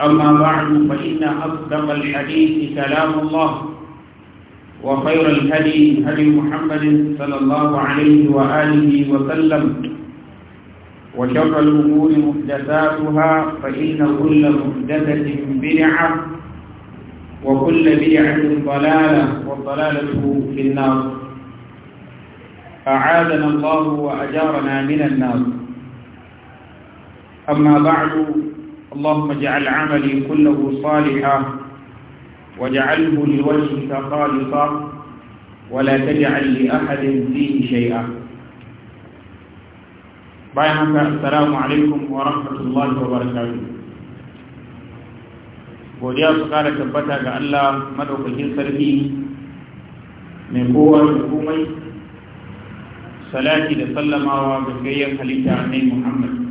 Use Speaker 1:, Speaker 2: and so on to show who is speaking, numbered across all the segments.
Speaker 1: أما بعد فإن أصدق الحديث كلام الله وخير الهدي هدي محمد صلى الله عليه وآله وسلم وشر الأمور محدثاتها فإن كل محدثة بدعة وكل بدعة ضلالة وضلالة في النار أعاذنا الله وأجارنا من النار أما بعد اللهم اجعل عملي كله صالحا واجعله لوجهك خالصا ولا تجعل لأحد فيه شيئا بايعك السلام عليكم ورحمة الله وبركاته godiya su tabbata ga Allah madaukakin sarki mai kowa da komai salati da sallamawa ga gayyan halitta annabi Muhammad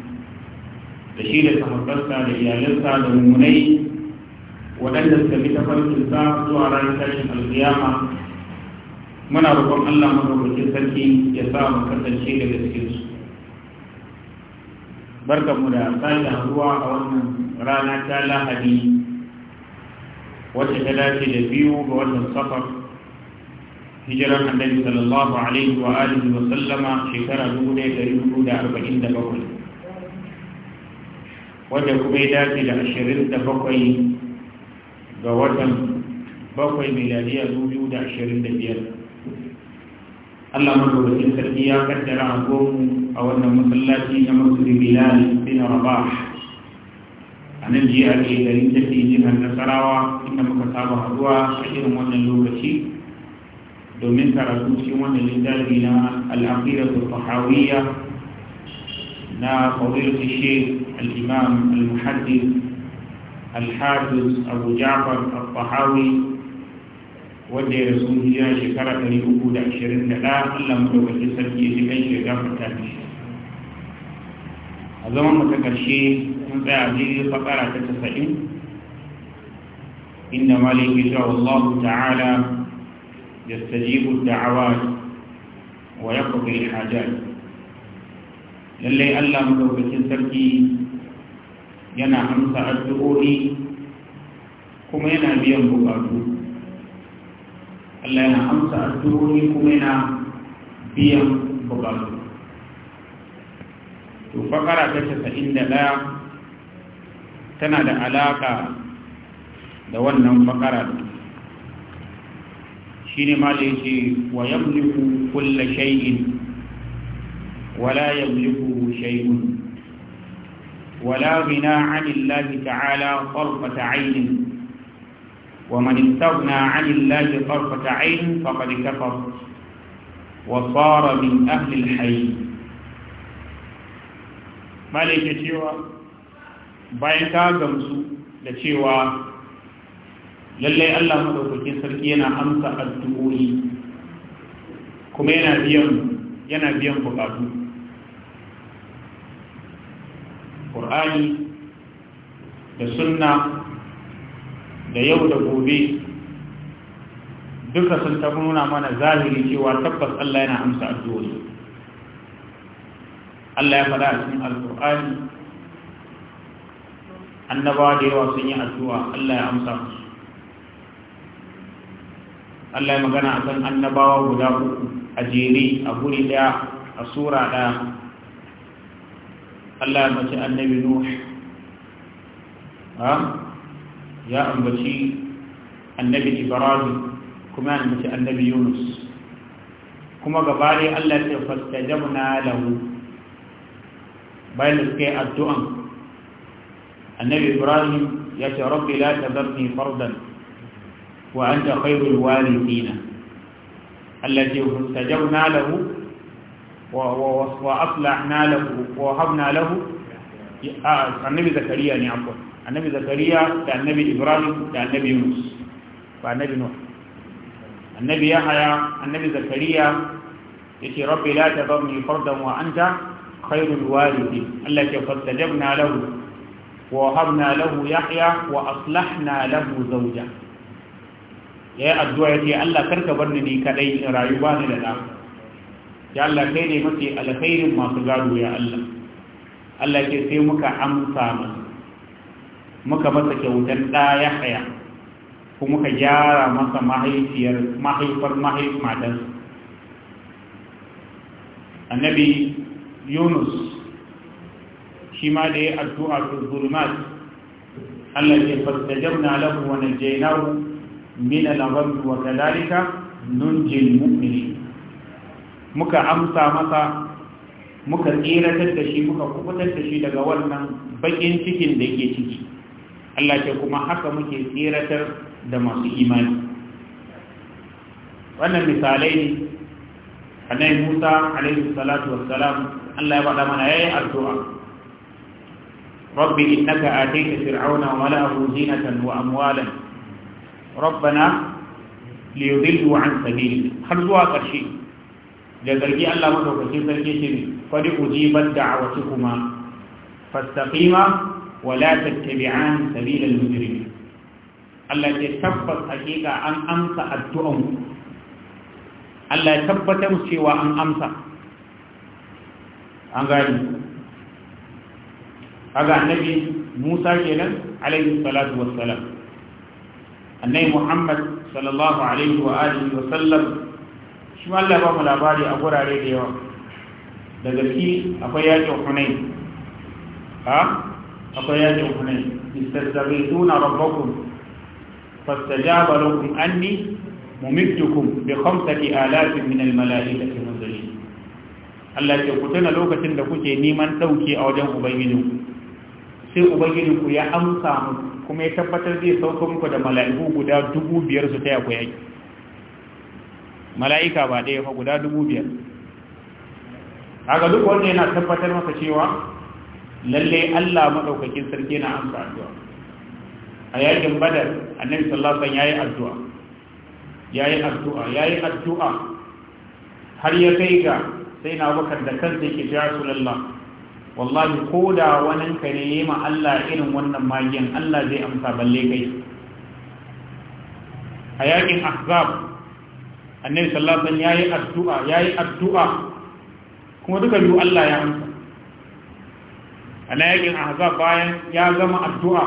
Speaker 1: da shi da sahabbarsa da iyalansa da mummunai waɗanda suka bi tafarkinsa zuwa ranar tashin alkiyama muna roƙon Allah madaukakin sarki ya sa mu kasance daga cikin su mu da sake haruwa a wannan rana ta lahadi wacce ta dace da biyu ga watan safar hijiran annabi sallallahu alaihi wa alihi wa sallama shekara 1447 wanda kuma ya dace da ashirin da bakwai ga watan bakwai miliyariya dubu da ashirin da biyar Allah madaukakin sarki ya kaddara a gomu a wannan masallaci na masu bilal bin rabah a nan jiya ke garin tafi jihar nasarawa inda muka saba haduwa a irin wannan lokaci domin karatu cikin wannan littafi na al'aqidatu tahawiyya مع فضيلة الشيخ الإمام المحدث الحافظ أبو جعفر الطحاوي ودي رسول الله شكرا لأبود عشرين لا إلا مدوى الجسد يجب أي شيء جعفر تابي أظن أن تكر الشيخ أنت أعزيزي فقرة تتسعين إن مالك شاء الله تعالى يستجيب الدعوات ويقضي الحاجات lallai Allah madaukakin sarki yana amsa addu'o'i kuma yana biyan bukatu Allah yana amsa addu'o'i kuma yana biyan bukatu to fakara ta casa'in da ɗaya tana da alaƙa da wannan fakara shi ne ma da ce wa yamliku kulla shay'in ولا يملكه شيء ولا غنى عن الله تعالى طرفة عين ومن استغنى عن الله طرفة عين فقد كفر وصار من أهل الحي مالك cewa bayan ka gamsu da cewa lallai Allah madaukakin sarki yana amsa addu'o'i kuma yana biyan yana biyan bukatu alkur'ani da sunna da yau da gobe duka sun tabi nuna mana zahiri cewa tabbas Allah yana amsa addu'o'i Allah ya faɗa a cikin al alkur'ani annabawa da yawa sun yi addu'a Allah ya amsa musu Allah ya magana akan annabawa guda uku a jere a guri ɗaya, a sura ɗaya. Allah ya mace annabi Nuhu, ya ambaci annabi Ibrahim kuma ya ambaci annabi Yunus kuma gabare Allah ya fastajabna lahu bayan da suka yi addu'an annabi Ibrahim ya ce rabbi la tazarni fardan wa anta khairul walidina Allah ya fastajabna lahu wa lahu wa habna lahu ah, annabi zakariya ne abu annabi zakariya da annabi ibrahim da annabi yunus ba annabi nuh annabi yahaya annabi zakariya yake rabbi la tadhni fardan wa anta khairul walidi allah ke fastajabna lahu wa habna lahu yahya wa aslahna lahu zawja ya addu'a ya allah karka barni ni kadai in rayuwa ni da na ya Allah kai ne mafi alkhairin masu gado ya Allah Allah ke sai muka amsa masa muka masa kyautar ɗa haya ko muka gyara masa mahaifiyar mahaifar mahaif matarsa annabi yunus shi ma da ya addu'a zulmat Allah ke fastajabna lahu wa najaynahu min al-gham wa kadhalika nunjil mu'minin muka amsa masa muka tseratar da shi muka kubutar da shi daga wannan bakin cikin da yake ciki Allah ce kuma haka muke tseratar da masu imani wannan misalai ne annabi Musa alaihi salatu wassalam Allah ya faɗa mana yayi addu'a rabbi innaka ataita fir'auna wa mala'ahu zinatan wa amwalan rabbana liyudillu an sabilik har zuwa ƙarshe da zargi Allah madaukakin sarki shi ne fadi ujibat da'awatukuma fastaqima wa la tattabi'an sabilal mujrimin Allah ya tabbas hakika an amsa addu'an Allah ya tabbata mu cewa an amsa an gani kaga annabi Musa kenan alaihi salatu wassalam annabi Muhammad sallallahu alaihi wa alihi wa sallam shi Allah ba mu labari a gurare da yawa daga ki akwai yakin hunai ha akwai yakin hunai istazabituna rabbakum fastajaba lakum anni mumittukum bi khamsati alafin min al malaikati munzalin Allah ya ku tana lokacin da kuke neman dauke a wajen ubangiji sai ku ya amsa mu kuma ya tabbatar zai sauko muku da mala'iku guda dubu biyar su taya ku yaki mala'ika ba ɗaya fa guda dubu biyar haka duk wanda yana tabbatar masa cewa lalle Allah maɗaukakin sarki na amsa addu'a a yakin badar annabi sallallahu ya yi yayi addu'a yi addu'a yi addu'a har ya kai ga sai na bakar da kansa yake su lalla, wallahi ko da wani ka ne ma Allah irin wannan magiyan Allah zai amsa balle kai a yakin ahzab annabi sallallahu alaihi wasallam yayi addu'a yayi addu'a kuma duka biyu Allah ya amsa a ahzab bayan ya gama addu'a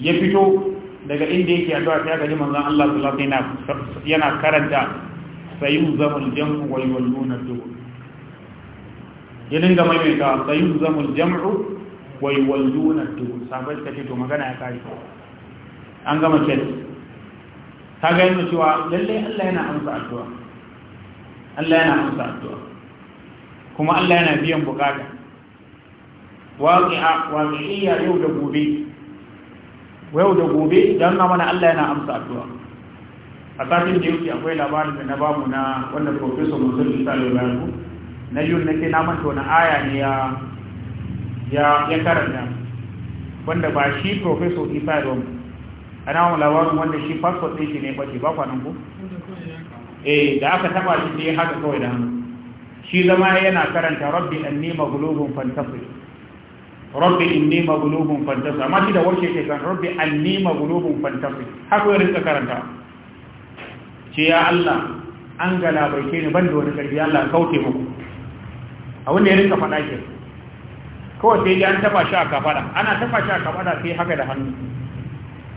Speaker 1: ya fito daga inda yake addu'a sai ga manzon Allah sallallahu alaihi wasallam yana karanta zamul jam'u wa yawluna dubur mai ka, maimaita zamul jam'u wa yuwalluna dubur sabai kace to magana ya kai an gama kenan ka ga yana cewa lallai Allah yana amsa addu'a Allah yana amsa addu'a kuma Allah yana biyan bukata waqi'a waqi'iyya yau da gobe yau da gobe don na mana Allah yana amsa addu'a a satin da yake akwai labarin da na bamu na wanda professor Musul Isa Lalaku na yun na ke naman tona aya ne ya ya karanta wanda ba shi professor Isa ba ana mu labarin wanda shi passport ɗin shi ne ba ba kwanan ku eh da aka taba shi sai haka kawai da hannu shi zama yana karanta rabbi anni maghlubun fantasir rabbi inni maghlubun fantafi!" amma shi da wace ke kan rabbi anni maghlubun fantafi!" haka ya rinka karanta ce ya Allah an ne ni da wani karfi Allah kaute muku a wanda ya rinka faɗa ke kawai sai an taba shi a kafada ana taba shi a kafada sai haka da hannu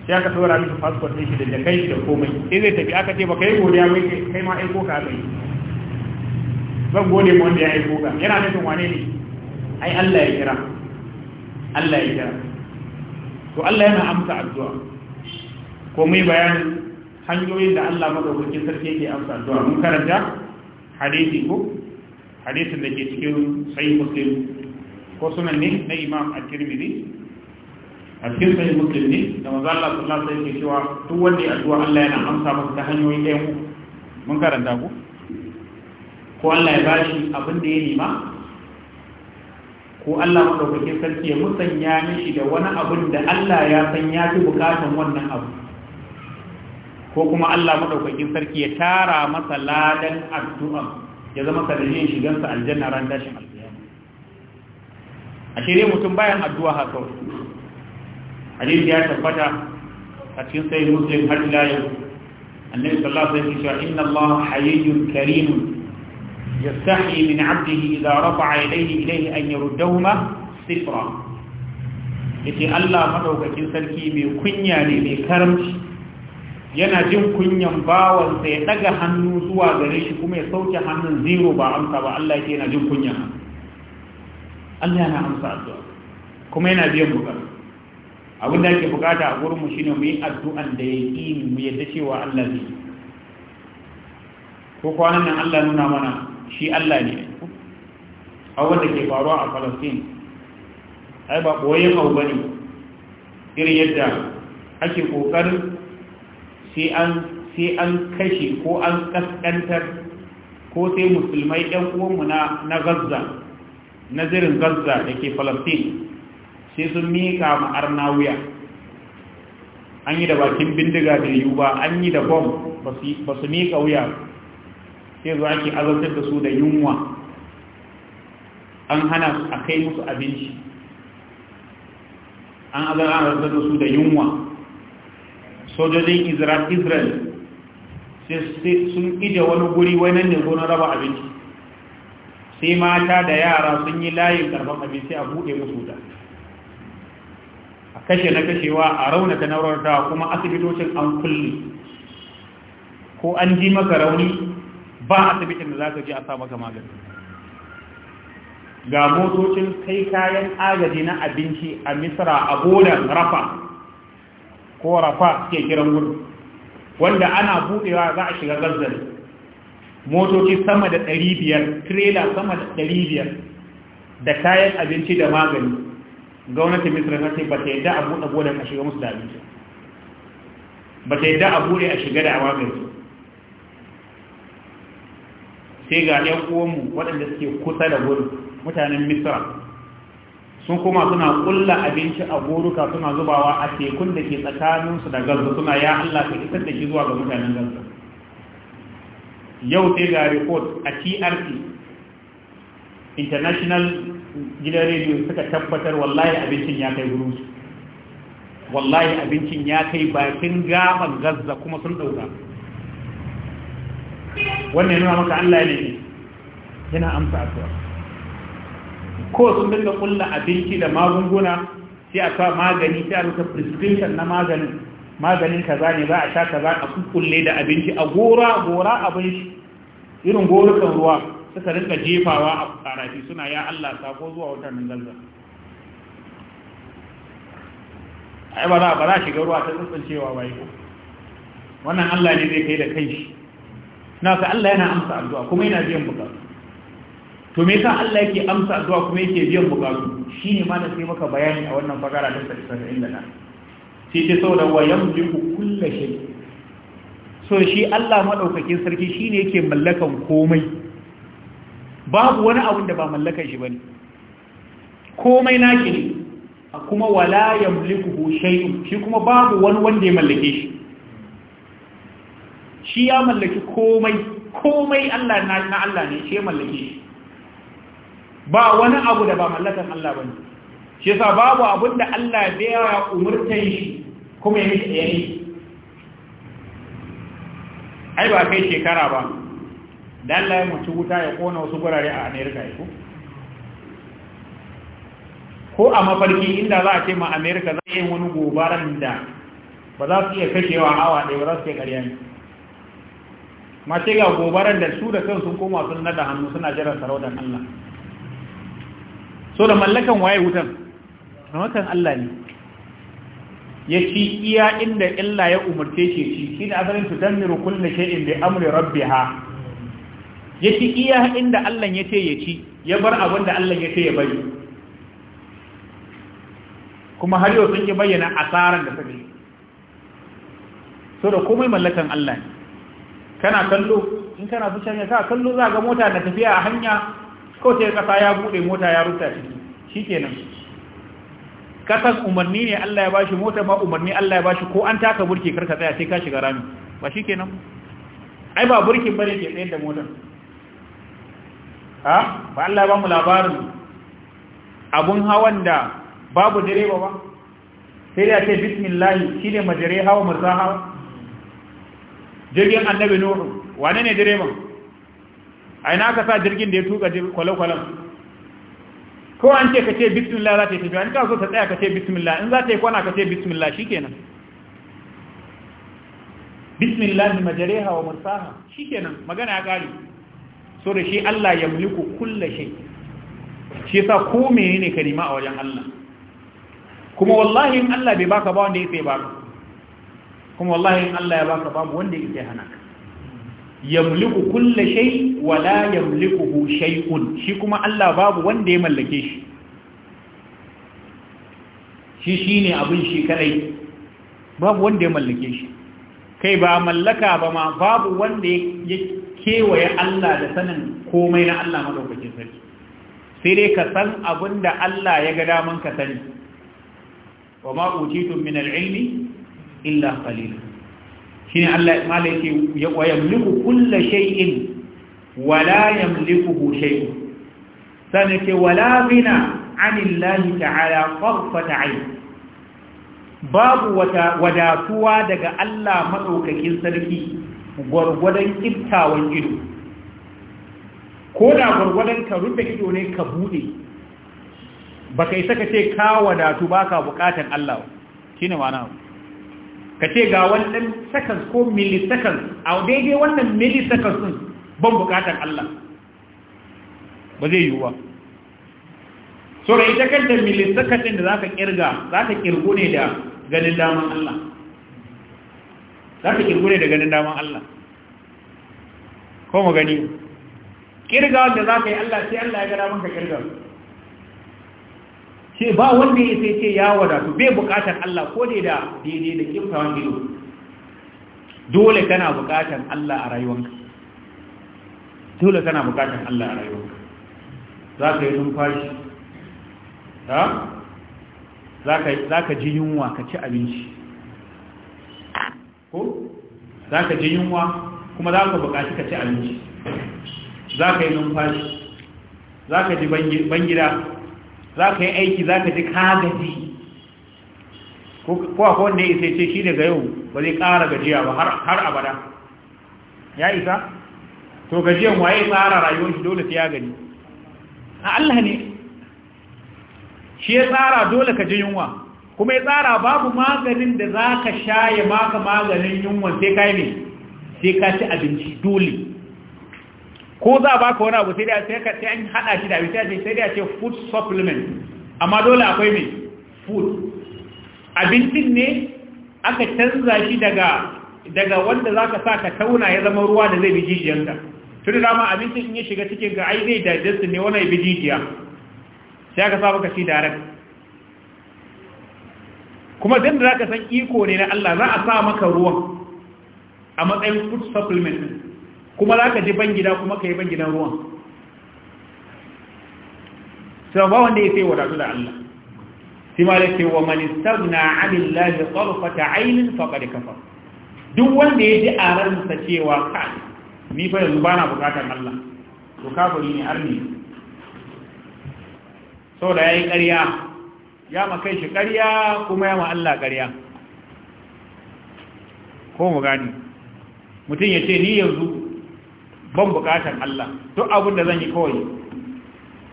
Speaker 1: sai aka saura miki passport ɗin shi da jakai da komai sai zai tafi aka ce ba kai godiya mai kai ma aiko ka bai zan gode ma wanda ya aiko ka yana nufin wane ne ai Allah ya kira Allah ya kira to Allah yana amsa addu'a ko mai bayanin hanyoyin da Allah madaukakin sarki yake amsa addu'a mun karanta hadisi ko hadisin da ke cikin sahih muslim ko sunan ne na imam at-tirmidhi a cikin sai muslim ne da manzo Allah sallallahu alaihi wasallam cewa duk wanda ya addu'a Allah yana amsa masu ta hanyoyi ɗaya mu mun karanta ku ko Allah ya bashi abin da ya nema ko Allah madaukakin sarki ya musanya mishi da wani abin da Allah ya san ya fi bukatan wannan abu ko kuma Allah madaukakin sarki ya tara masa ladan addu'a ya zama sanadin shigansa aljanna ran dashin alƙiyama a shirye mutum bayan addu'a haka hadisi ya tabbata a cikin sai muslim har ila yau annabi sallallahu alaihi wasallam ya ce inna allaha hayyun karim يستحي من عبده إذا رفع إليه إليه أن يردهما صفرا yace Allah madaukakin sarki mai kunya ne mai karamci yana jin kunyan bawansa ya daga hannu zuwa gare shi kuma ya sauke hannun zero ba amsa ba Allah yake yana jin kunya Allah yana amsa addu'a kuma yana biyan bukatu abin da ake bukata a gurin mu shine mu yi addu'an da ya yi mu yadda cewa Allah ne ko kwanan nan Allah nuna mana shi Allah ne abin da ke faruwa a Palestine ai ba boye abu bane irin yadda ake kokarin sai an sai an kashe ko an kaskantar ko sai musulmai ɗan uwanmu na na Gaza nazirin Gaza da ke Palestine sai sun miƙa ma arna wuya an yi da bakin bindiga da yiwu ba an yi da bom ba su miƙa wuya sai zuwa ake azabtar da su da yunwa an hana a kai musu abinci an azabtar da su da yunwa sojojin israel sai sun ije wani guri wani ne na raba abinci sai mata da yara sun yi layin karfan abinci a buɗe musu da kashe na kashewa a raunata na raunatawa kuma asibitocin an kulle ko an ji maka rauni ba asibitin da za ka ji a sa maka magani ga motocin kai kayan agaji na abinci a misra a godan rafa ko rafa ke kiran gudu wanda ana budewa za a shiga gazzari motoci sama da 500 trailer sama da 500 da kayan abinci da magani gwamnatin Misira na ce ba ta yadda a buɗe gonan a shiga musu da abinci ba ta yadda a buɗe a shiga da mai su sai ga ‘yan uwanmu waɗanda suke kusa da gudu mutanen Misira. sun kuma suna ƙulla abinci a goruka suna zubawa a tekun da ke tsakaninsu da gaza suna ya Allah ka isar da shi zuwa ga mutanen gaza yau sai ga report a trc international gidan rediyo suka tabbatar wallahi abincin ya kai gurin su wallahi abincin ya kai bakin gaban gazza kuma sun dauka
Speaker 2: wannan yana maka
Speaker 1: Allah ne yana amsa asuwa ko sun dinga kulla abinci da magunguna sai a sa magani sai a rusa prescription na maganin maganin kaza ne za a sha kaza a kulle da abinci a gora gora abinci irin gorukan ruwa suka rinka jefawa a karafi suna ya Allah sako zuwa watan zalzal ai ba za ba za shiga ruwa ta cewa bai ko wannan Allah ne zai kai da kai shi na ka Allah yana amsa addu'a kuma yana biyan bukatu to me yasa Allah yake amsa addu'a kuma yake biyan bukatu shine ma da sai maka bayani a wannan fakara ta 79 sai ce da wa yamliku kullu shay so shi Allah madaukakin sarki shine yake mallakan komai babu wani abin da ba mallakar shi ba ne. komai nashi ne kuma wala yamlikuhu shay'un shi kuma babu wani wanda ya mallake shi shi ya mallaki komai komai Allah na Allah ne shi ya mallake shi ba wani abu da ba mallakan Allah ne shi yasa babu abin da Allah da ya umurtan shi kuma ya mishi yayi ai ba kai shekara ba da ya mutu wuta ya kona wasu gurare a Amerika ya ko a mafarki inda za a ce ma Amerika zai yi wani gobaran da ba za su iya kashewa awa ɗaya ba za su iya ƙarya ne ma ce ga gobaran da su da kan sun koma sun nada hannu suna jiran sarautar Allah so da mallakan waye wutan mallakan Allah ne ya ci iya inda illa ya umarce shi shi ne asalin su damiru kulle shay'in bi amri rabbiha ya ci iya inda Allah ya ce ya ci ya bar abin da Allah ya ce ya bari kuma har yau sun ki bayyana asaran da suka yi so da komai mallakan Allah ne kana kallo in kana su canya ka kallo za ga mota na tafiya a hanya ko sai kasa ya bude mota ya ruta ciki nan, kasan umarni ne Allah ya bashi mota ma umarni Allah ya bashi ko an taka burki karka tsaya sai ka shiga rami ba shi shikenan ai ba burkin bane ke tsayar da motar ha ba Allah ba mu labarin abun hawan da babu direba ba sai da ce shi ne majare hawa murza hawa jirgin annabi nuhu wane ne direban a ina ka sa jirgin da ya tuka kwale-kwalen ko an ce ka ce bismillah za ta yi tafiya an ka so ta tsaya ka ce bismillah in za ta yi kwana ka ce bismillah kenan. bismillah hawa murza wa shi shikenan magana ya kare so da shi Allah ya mulku kulla shay shi yasa ko menene ka nima a wajen Allah kuma wallahi in Allah bai baka ba wanda yake baka kuma wallahi in Allah ya baka babu wanda yake hana ka yamliku kulla shay wala la yamlikuhu shay'un shi kuma Allah babu wanda ya mallake shi shi shine abin shi kadai babu wanda ya mallake shi kai ba mallaka ba ma babu wanda ya kewaye Allah da sanin komai na Allah madaukakin sarki sai dai ka san abin da Allah ya ga daman ka sani wa ma utitum min al illa illa qalil shine Allah mala yake wa yamliku kullu shay'in wa la yamliku shay'un sanin ke wala bina anillahi ta'ala qarfat 'ayn babu wadatuwa daga Allah madaukakin sarki gwargwadon iftawan ido ko da gwargwadon ka rufe ido ne ka bude ba ka isa ka ce ka wadatu ba ka bukatan Allah shi ne mana ka ce ga wannan seconds ko milliseconds a daidai wannan milliseconds din ban bukatan Allah ba zai wa so da ita kanta milliseconds din da za ka kirga za ka kirgo ne da ganin daman Allah za ka kirgu da ganin daman Allah ko mu gani kirga wanda za ka yi Allah sai Allah ya ga maka ka kirga ce ba wanda ya sai ce ya wadatu bai bukatar Allah ko dai da daidai da kimtawan ido dole kana bukatar Allah a rayuwanka dole kana bukatar Allah a rayuwanka za ka yi numfashi za ka ji yunwa ka ci abinci ko za ka ji yunwa kuma za ka buƙaci ka ci abinci za ka yi numfashi za ka ji bangida za ka yi aiki za ka ji kagaji ko akwai wanda ya isa ce shi daga yau ba zai ƙara gajiya ba har abada ya isa to gajiyan waye tsara rayuwar shi dole ya gani a Allah ne shi ya tsara dole ka ji yunwa kuma ya tsara babu maganin da za ka sha maka maganin yunwa sai ka ne sai ka ci abinci dole ko za ba ka wani abu sai da sai an haɗa shi da abinci sai da ce food supplement amma dole akwai mai food abincin ne aka canza shi daga wanda za ka sa ka tauna ya zama ruwa da zai bi jijiyanka tun da ma abincin in ya shiga cikin ga ai zai digestin ne wani bi jijiya sai ka sa baka shi direct kuma zan da zaka san iko ne na Allah za a sa maka ruwan a matsayin food supplement kuma zaka ji ban gida kuma kai ban gidan ruwan sai ba wanda yake wadatu da Allah sai malaka wa man istaghna ta tarfata 'aynin faqad kafara duk wanda ya ji a sa cewa kai ni fa yanzu bana bukatar Allah to kafiri ne arni saboda yayi ƙarya ya ma kai shi ƙarya kuma ya ma Allah ƙarya ko mu gani mutum ya ce ni yanzu ban buƙatar Allah duk abin da zan yi kawai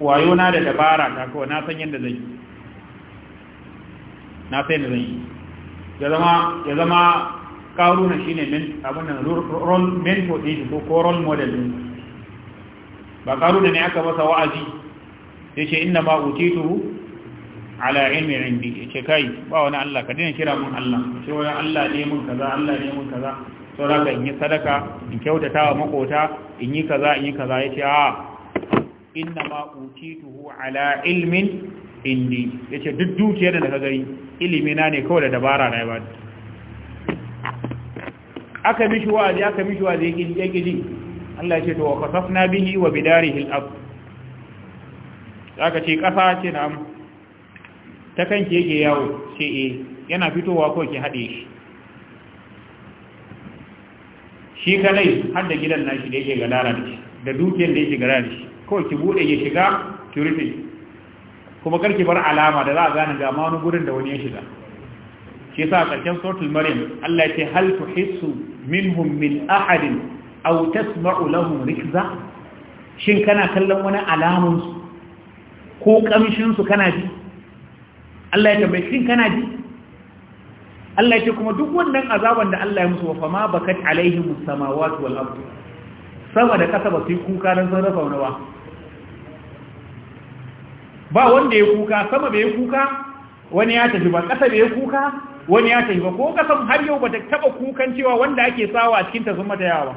Speaker 1: wayo na da dabara ta kawai na san yadda zan yi na san yadda zan yi ya zama ƙaru na shi ne abin da role mentor din ko role model din ba da ne aka masa wa'azi sai ce inna ma utituhu ala ilmi indi yace kai ba wani Allah ka dina kira mun Allah ce wani Allah ne mun kaza Allah ne mun kaza sau da in yi sadaka in kyautata wa makota in yi kaza in yi kaza yace a inna ma utituhu ala ilmin indi yace duk dukiyar da ka gari ilimi na ne kawai da dabara na ba aka mishi wa'azi aka mishi wa'azi yake ji Allah yace to wa qasafna bihi wa bidarihi al-ard zaka ce kasa ce na'am ta kanki yake yawo ce e yana fitowa ko ki haɗe shi shi kadai har da gidan nashi da yake gadara da shi da dukiyar da yake gadara da shi ko ki bude ya shiga ki rufe kuma karki bar alama da za a gane ga wani gurin da wani ya shiga shi yasa karshen suratul maryam Allah ce hal tuhissu minhum min ahadin aw tasma'u lahum rikza shin kana kallon wani alamun su ko kamshin su kana ji Allah ya tambaye shin kana ji Allah ya ce kuma duk wannan azaban da Allah ya musu wa fama bakat alaihim samawati wal ardh sama da kasa ba su kuka dan sun rafa wani ba ba wanda ya kuka sama bai kuka wani ya tafi ba kasa bai kuka wani ya tafi ba ko kasan har yau bata taba kukan cewa wanda ake sawa a cikin ta sun mata yawa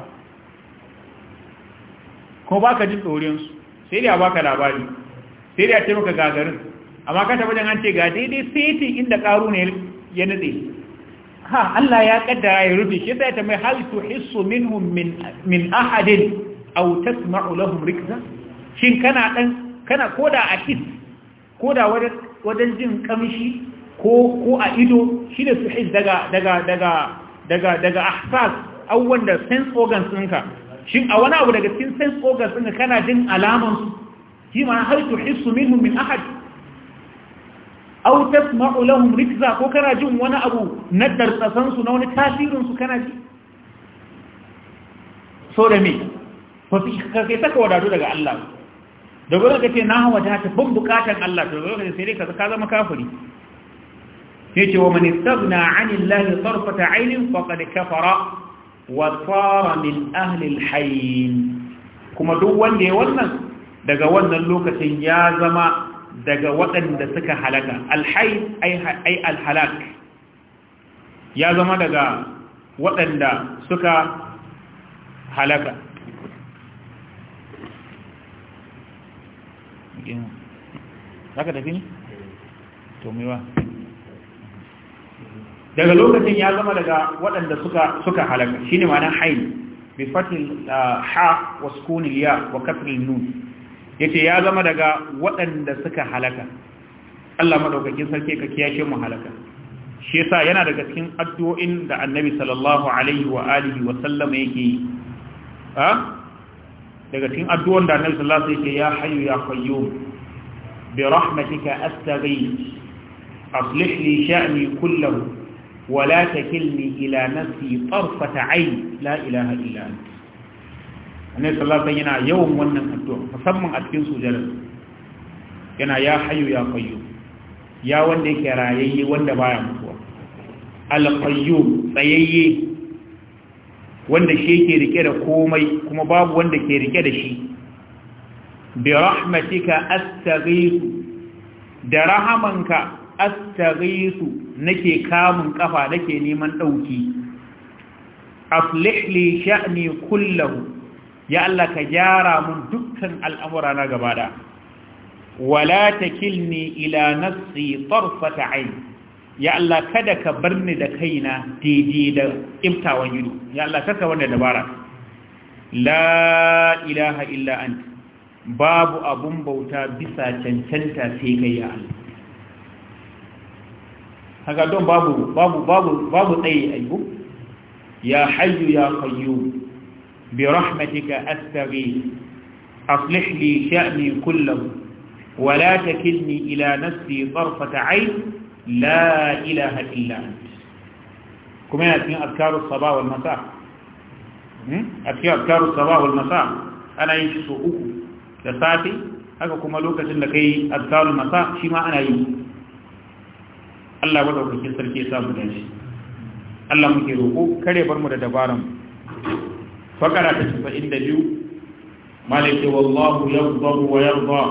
Speaker 1: ko baka jin dorin su sai dai a baka labari sai dai a ce maka gagarin amma ka tabbata an ce ga daidai seti inda karu ne ya nutse ha Allah ya kaddara ya rufe shi sai ta mai hal tuhissu minhum min min ahadin aw tasma'u lahum rikza shin kana dan kana koda a kit koda wajen wajen jin kamshi ko ko a ido su suhis daga daga daga daga daga ahsas aw wanda sense organs ɗinka shin a wani abu daga cikin sense organs ɗinka kana jin alamansu su shi ma hal hissu minhum min ahad au tasma'u lahum rikza ko kana jin wani abu na dartsasan su na wani tasirin su kana ji so da me ba su kai saka wadatu daga Allah da gwada ka na hawa ta ta bin bukatan Allah to gwada ka sai dai ka zama kafiri sai ce wa man istaghna 'ani Allah tarfata 'ainin faqad kafara wa tsara min ahli al-hayy kuma duk wanda ya wannan daga wannan lokacin ya zama daga waɗanda suka halaka alhai ai alhalak ya zama daga waɗanda suka halaka zaka tafi ne? to mewa daga lokacin ya zama daga waɗanda suka suka halaka shine ma'ana haini bi ah, ha wasu sukunil ya wa kasril nun yace ya zama daga waɗanda suka halaka Allah madaukakin sarki ka kiyashe mu halaka shi yasa yana daga cikin addu'o'in da Annabi sallallahu alaihi wa alihi wa sallam yake ha daga cikin addu'o'in da Annabi sallallahu alaihi yake ya hayyu ya qayyum bi rahmatika astaghith aslih li sha'ni kullahu wa la takilni ila nafsi tarfata 'ayn la ilaha illa anta annabi sallallahu alaihi wasallam yana yawan wannan addu'a musamman a cikin sujada yana ya hayyu ya qayyu ya wanda yake rayayye wanda baya mutuwa al qayyu tsayayye wanda shi yake rike da komai kuma babu wanda ke rike da shi bi rahmatika astaghiisu da rahamanka astaghiisu nake kamun kafa nake neman dauki aflih li sha'ni kullahu ya Allah ka gyara mun dukkan al'amura na gaba da wala takilni ila nafsi tarfata ayn ya Allah kada ka bar ni da kaina daidai da imtawan yudu ya Allah saka wanda dabara la ilaha illa anta babu abun bauta bisa cancanta sai kai ya Allah haka don babu babu babu babu tsaye aibu ya hayyu ya qayyum برحمتك أستغيث أصلح لي شأني كله ولا تكلني إلى نفسي طرفة عين لا إله إلا أنت كما يأتي أذكار الصباح والمساء أتي أذكار الصباح والمساء أنا يشسو أكو لساتي haka kuma lokacin da kai azkarul masa shi ma ana yi Allah ba daukakin sarki ya samu dace Allah muke roƙo kare bar mu da dabaran fakara ta casa'in da biyu malaki wallahu yarda wa yarda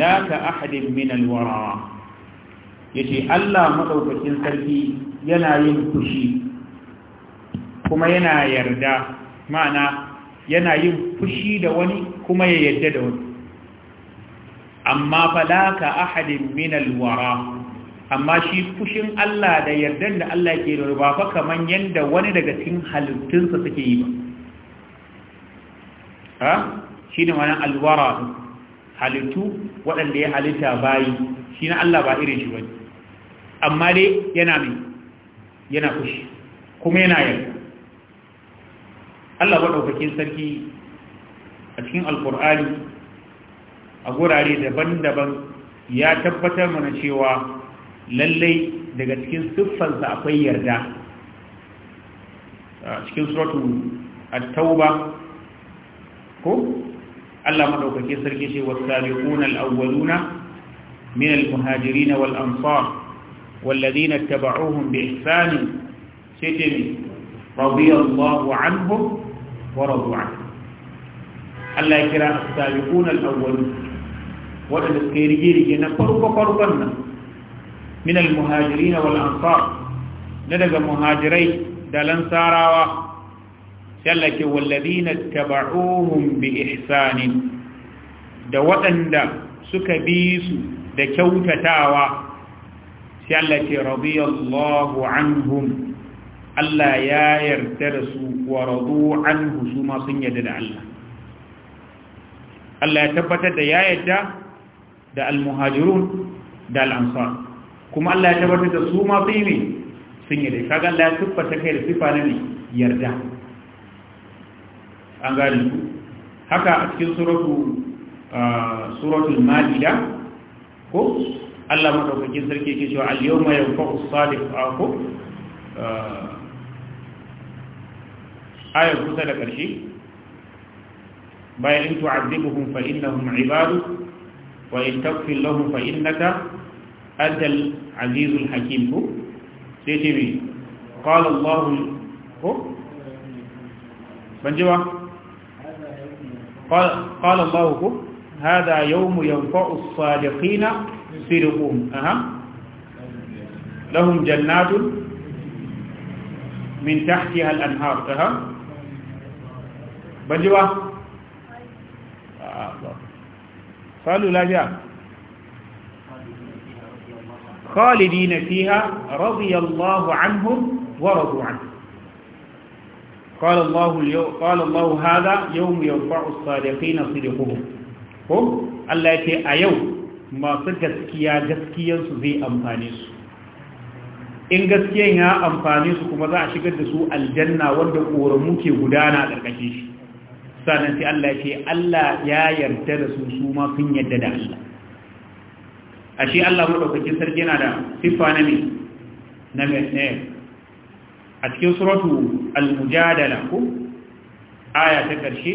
Speaker 1: la ka ahadin min alwara Ya ce Allah madaukakin sarki yana yin fushi kuma yana yarda ma'ana yana yin fushi da wani kuma ya yarda da wani amma falaka ahadin min alwara amma shi fushin Allah da yardar da Allah ke da ba fa kaman yanda wani daga cikin halittunsa suke yi ba ha ne wani alwara halittu waɗanda ya halitta bayi shi na Allah ba irin shi wani amma dai yana mai yana kushi kuma yana yi Allah ɗaukakin sarki a cikin alkur'ani a gurare daban-daban ya tabbatar mana cewa lallai daga cikin siffansa akwai yarda A cikin suratu at-tauba ko Allah madaukake sarki ce wasabiqun alawwaluna min almuhajirin wal ansar walladhina tabauhum biihsan sitin radiyallahu anhum wa radu an Allah kira sabiqun alawwalun wadanda suka yi rigirige na farko-farkon minal muhajiri na wal'ansar na daga muhajirai da lansarawa yalla ke wallazina taba'uhum bi ihsanin da waɗanda suka bi su da kyautatawa sai Allah ce radiyallahu anhum Allah ya yarda da su wa radu anhu su ma sun yarda da Allah Allah ya tabbatar da ya yarda da almuhajirun da al'ansar kuma Allah ya tabbatar da su ma sun yi sun yarda kaga Allah ya tabbata kai da sifa ne yarda an gane ku haka a cikin suratu ah, suratul ma'ida ko Allah madaukakin sarki yake cewa al-yawma yanfa'u as-sadiq aku ah, ayar kusa da ƙarshe bayan in tu'azzibuhum fa innahum ibadu wa in taghfir lahum fa innaka antal azizul hakim ko sai ce me qala Allah ko banjewa قال الله هذا يوم ينفع الصادقين صدقهم أه. لهم جنات من تحتها الأنهار أه. بجوا قالوا لا جاء خالدين فيها رضي الله عنهم ورضوا عنه قال الله يو... قال الله هذا يوم ينفع الصادقين صدقهم ko Allah ya ce a yau masu gaskiya gaskiyarsu zai amfane su in gaskiyan ya amfane su kuma za a shigar da su aljanna wanda koramu ke gudana a ƙarƙashin shi sannan sai Allah ya ce Allah ya yarda da su su ma sun yarda da Allah ashe Allah madaukakin sarki yana da siffa na me na me a cikin suratu al-mujadala ko aya ta ƙarshe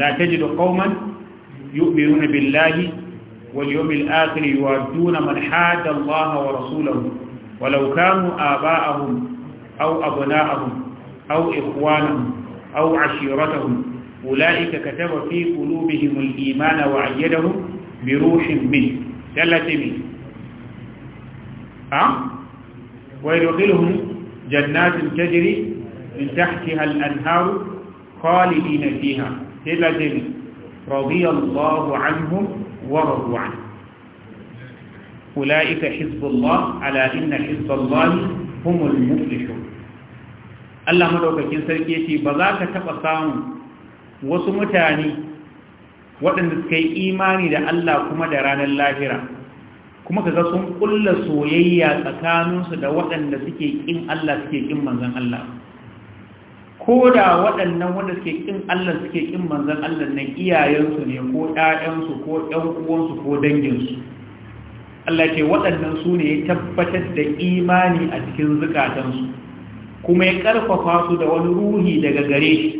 Speaker 1: la tajidu qauman yu'minuna billahi wal yawmil akhir yuwadduna man hada Allah wa rasulahu walau kanu aba'ahum aw abna'ahum aw ikhwanahum aw 'ashiratahum أولئك كتب wa قلوبهم الإيمان وأيدهم بروح منه ثلاثة منه أه؟ ويدخلهم جنات تجري من تحتها الأنهار خالدين فيها سلة رضي الله عنهم ورضوا عنه أولئك حزب الله على إن حزب الله هم المفلحون Allah madaukakin sarki ya ce ba za ka taɓa samun wasu mutane waɗanda suka yi imani da Allah kuma da ranar lahira kuma kaga sun kulla soyayya tsakaninsu da waɗanda suke ƙin Allah suke ƙin manzan Allah ko da waɗannan wanda suke ƙin Allah suke ƙin manzan Allah na iyayensu ne ko ɗayansu ko ɗan'uwansu ko danginsu Allah ce waɗannan su ne ya tabbatar da imani a cikin zukatansu kuma ya ƙarfafa su da wani ruhi daga gare shi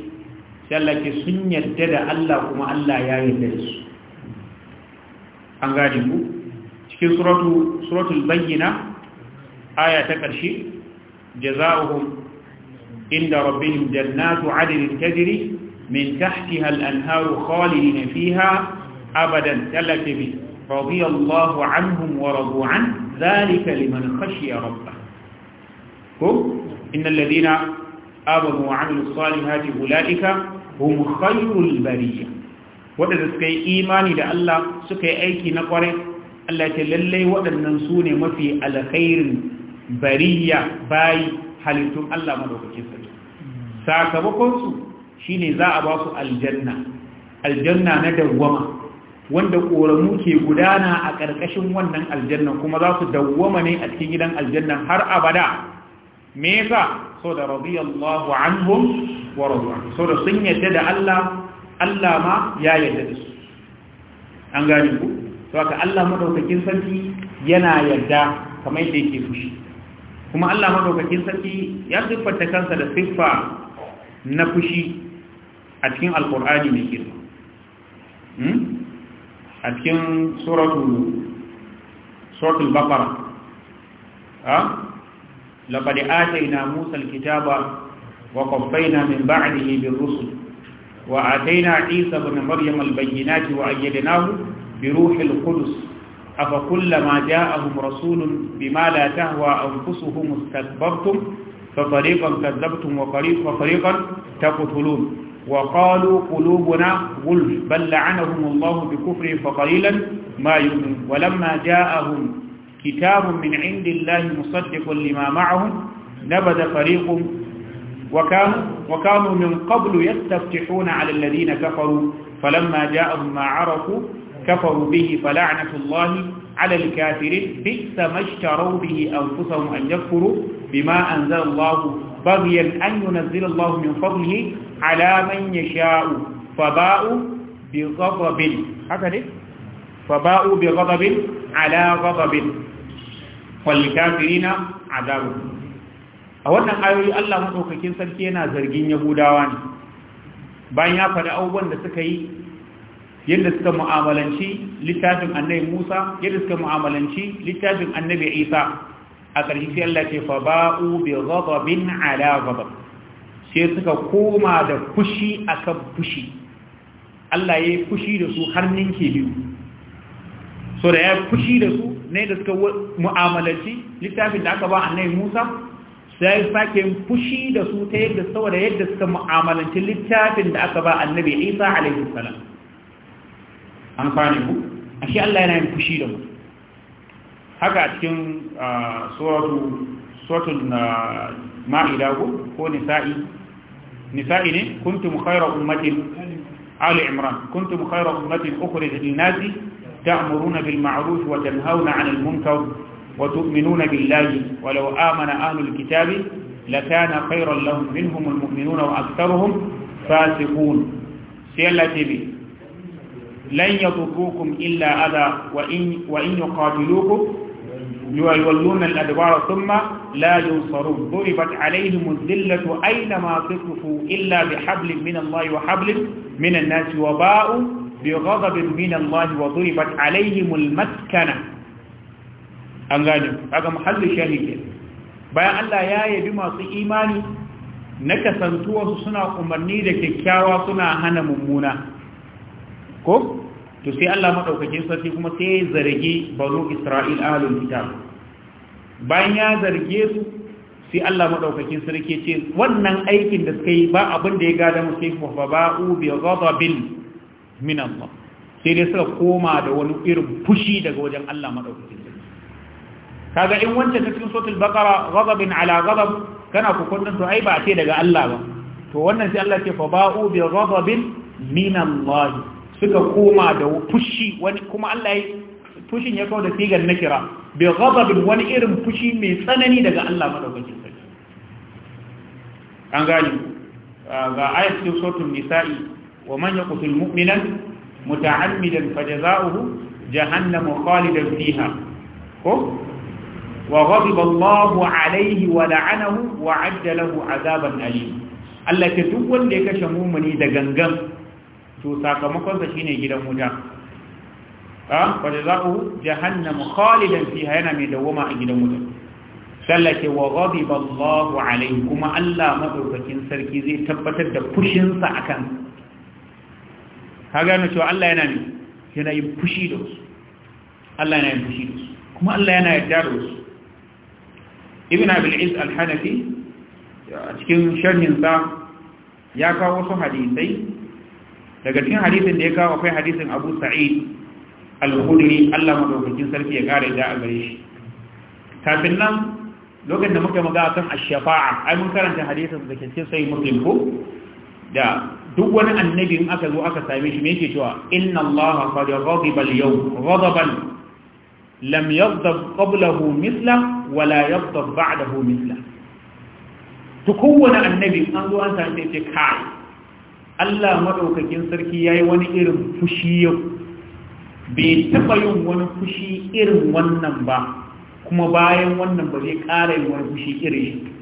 Speaker 1: sai Allah sun yarda da Allah kuma Allah ya yarda da su an gane ku cikin suratul bayyana aya ta ƙarshe jaza'uhum inda rabbihim jannatu adnin tajri min tahti hal anharu khalidina fiha abadan talatibi radiyallahu anhum wa radu an liman khashiya rabbah ko innal ladina amanu wa amilus salihati ulaika hum khayrul bariya. wadanda suka yi imani da Allah suka yi aiki na kwarai Allah ce lallai waɗannan su ne mafi alkhairin bariya bayi halittun Allah madaukakin sarki sakamakonsu shi ne za a ba su aljanna aljanna na dawwama wanda ƙoramu ke gudana a ƙarƙashin wannan aljanna kuma za su dawwama ne a cikin gidan aljanna har abada me yasa so da radiyallahu anhum wa radwan so da sun yadda da Allah Allah ma ya yadda da su an gane ku to haka Allah madaukakin sarki yana yarda kamar yadda yake fushi kuma Allah madaukakin sarki ya siffanta kansa da siffa na fushi a cikin alkur'ani mai girma hmm? a cikin suratul baqara ha laqad atayna musa kitaba wa qaffayna min ba'dihi bir-rusul wa atayna isa ibn maryam al-bayyinati wa ayyadnahu بروح القدس أفكلما جاءهم رسول بما لا تهوى أنفسهم استكبرتم ففريقا كذبتم وفريقا وفريقا تقتلون وقالوا قلوبنا غلف بل لعنهم الله بكفرهم فقليلا ما يؤمنون ولما جاءهم كتاب من عند الله مصدق لما معهم نبذ فريق وكانوا, وكانوا من قبل يستفتحون على الذين كفروا فلما جاءهم ما عرفوا كفروا به فلعنة الله على الكافرين بئس ما اشتروا به أنفسهم أن يكفروا بما أنزل الله بغيا أن ينزل الله من فضله على من يشاء فباءوا بغضب هكذا فباءوا بغضب على غضب والكافرين عذاب a wannan ayoyi Allah madaukakin sarki yana zargin Yahudawa ne bayan ya faɗi abubuwan da suka yi yadda suka mu'amalanci littafin annabi Musa yadda suka mu'amalanci littafin annabi Isa a ƙarshe sai Allah ce fa ba'u bi ghadabin ala ghadab sai suka koma da fushi akan fushi Allah ya fushi da su har ninke biyu so da ya fushi da su ne da suka mu'amalanci littafin da aka ba annabi Musa sai sake fushi da su ta yadda saboda yadda suka mu'amalanci littafin da aka ba annabi Isa alaihi salam an fane ku ashe Allah yana yin fushi da mu haka a cikin suratu suratul ma'ida ku ko nisa'i nisa'i ne kuntum khayra ummatin ali imran kuntum khayra ummatin ukhrijat lin-nasi ta'muruna bil ma'ruf wa tanhauna 'anil munkar wa tu'minuna billahi wa law amana ahlul kitabi lakana khayran lahum minhum al-mu'minuna wa aktharuhum fasiqun sai Allah ce lan yadurukum illa adha wa in wa in yuqatilukum yuwalluna al-adbar thumma la yunsarun duribat alayhim adillatu aina ma tasfu illa bihablin min Allah wa hablin min an-nas wa ba'u bighadabin min Allah wa duribat alayhim al-maskana angani aga mahallu shahike bayan Allah ya yabi masu imani nakasantuwa suna umarni da kyakkyawa suna hana mummuna ko to sai Allah madaukakin sarki kuma sai ya zarge banu Isra'il ahlul kitab bayan ya zarge su sai Allah madaukakin sarki ce wannan aikin da suka yi ba abin da ya gada mu sai fa ba'u bi ghadabin min Allah sai dai suka koma da wani irin fushi daga wajen Allah madaukakin sarki kaga in wancan ta cikin suratul baqara ghadabin ala ghadab kana ku kullun to ai ba ce daga Allah ba to wannan sai Allah ce fa ba'u bi ghadabin min Allah suka koma da fushi wani kuma Allah ya fushin ya kawo da sigar na kira bai gababin wani irin fushi mai tsanani daga Allah madaukakin sarki an gani ah, ga ayat cikin sotun nisa'i wa man yaqtul mu'minan muta'ammidan fajaza'uhu jahannamu khalidan fiha ko wa ghadiba Allahu alayhi wa la'anahu wa 'adda lahu 'adaban alim Allah ke duk wanda ya kashe mumuni da gangan to sakamakonsa shine gidan wuta a wadda za ku jahannamu khalidan fiha yana mai dawoma a gidan wuta sallake wa ghadiba Allahu alaihi kuma Allah madaukakin sarki zai tabbatar da fushinsa akan ka gano cewa Allah yana ne yana yin fushi da su Allah yana yin fushi da su kuma Allah yana yarda da su ibn abil iz al-hanafi a cikin sharhin sa ya kawo wasu hadisai daga cikin hadisin da ya kawo akwai hadisin abu sa'id al-khudri Allah madaukakin sarki ya kare da a gare shi kafin nan lokacin da muka magana kan ash-shafa'a ai mun karanta hadisin da ke cikin sahih muslim ko da duk wani annabi in aka zo aka same shi me yake cewa inna allaha qad ghadiba al-yawm ghadaban lam yaghdab qablahu mithla wa la yaghdab ba'dahu mithla to kowane annabi an zo an same shi kai Allah madaukakin sarki ya yi wani irin fushi yau bai taɓa yin wani fushi irin wannan ba kuma bayan wannan ba zai ƙara yin wani fushi irin shi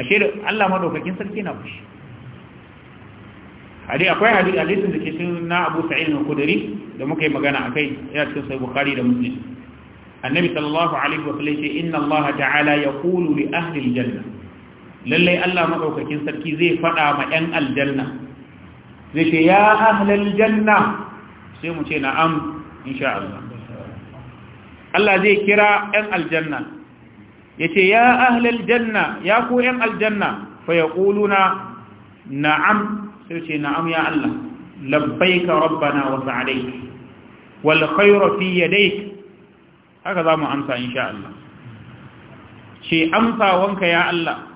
Speaker 1: ashe da Allah madaukakin sarki na fushi hadi akwai hadi hadisin da ke cikin na Abu Sa'id al-Khudri da muka yi magana a kai. yana cikin Sahih Bukhari da Muslim Annabi sallallahu alaihi wa sallam ce inna Allah ta'ala yaqulu li ahli al-janna lallai Allah maɗaukakin sarki zai faɗa ma 'yan aljanna zai ce ya ahlal janna sai mu ce na'am insha Allah Allah zai kira 'yan aljanna ya ce ya ahlal janna ya ku 'yan aljanna fa ya ƙuluna na'am sai ce na'am ya Allah labbaika rabbana wa sa'adaik wal khayra fi yadaik haka za mu amsa insha Allah ce amsa wanka ya Allah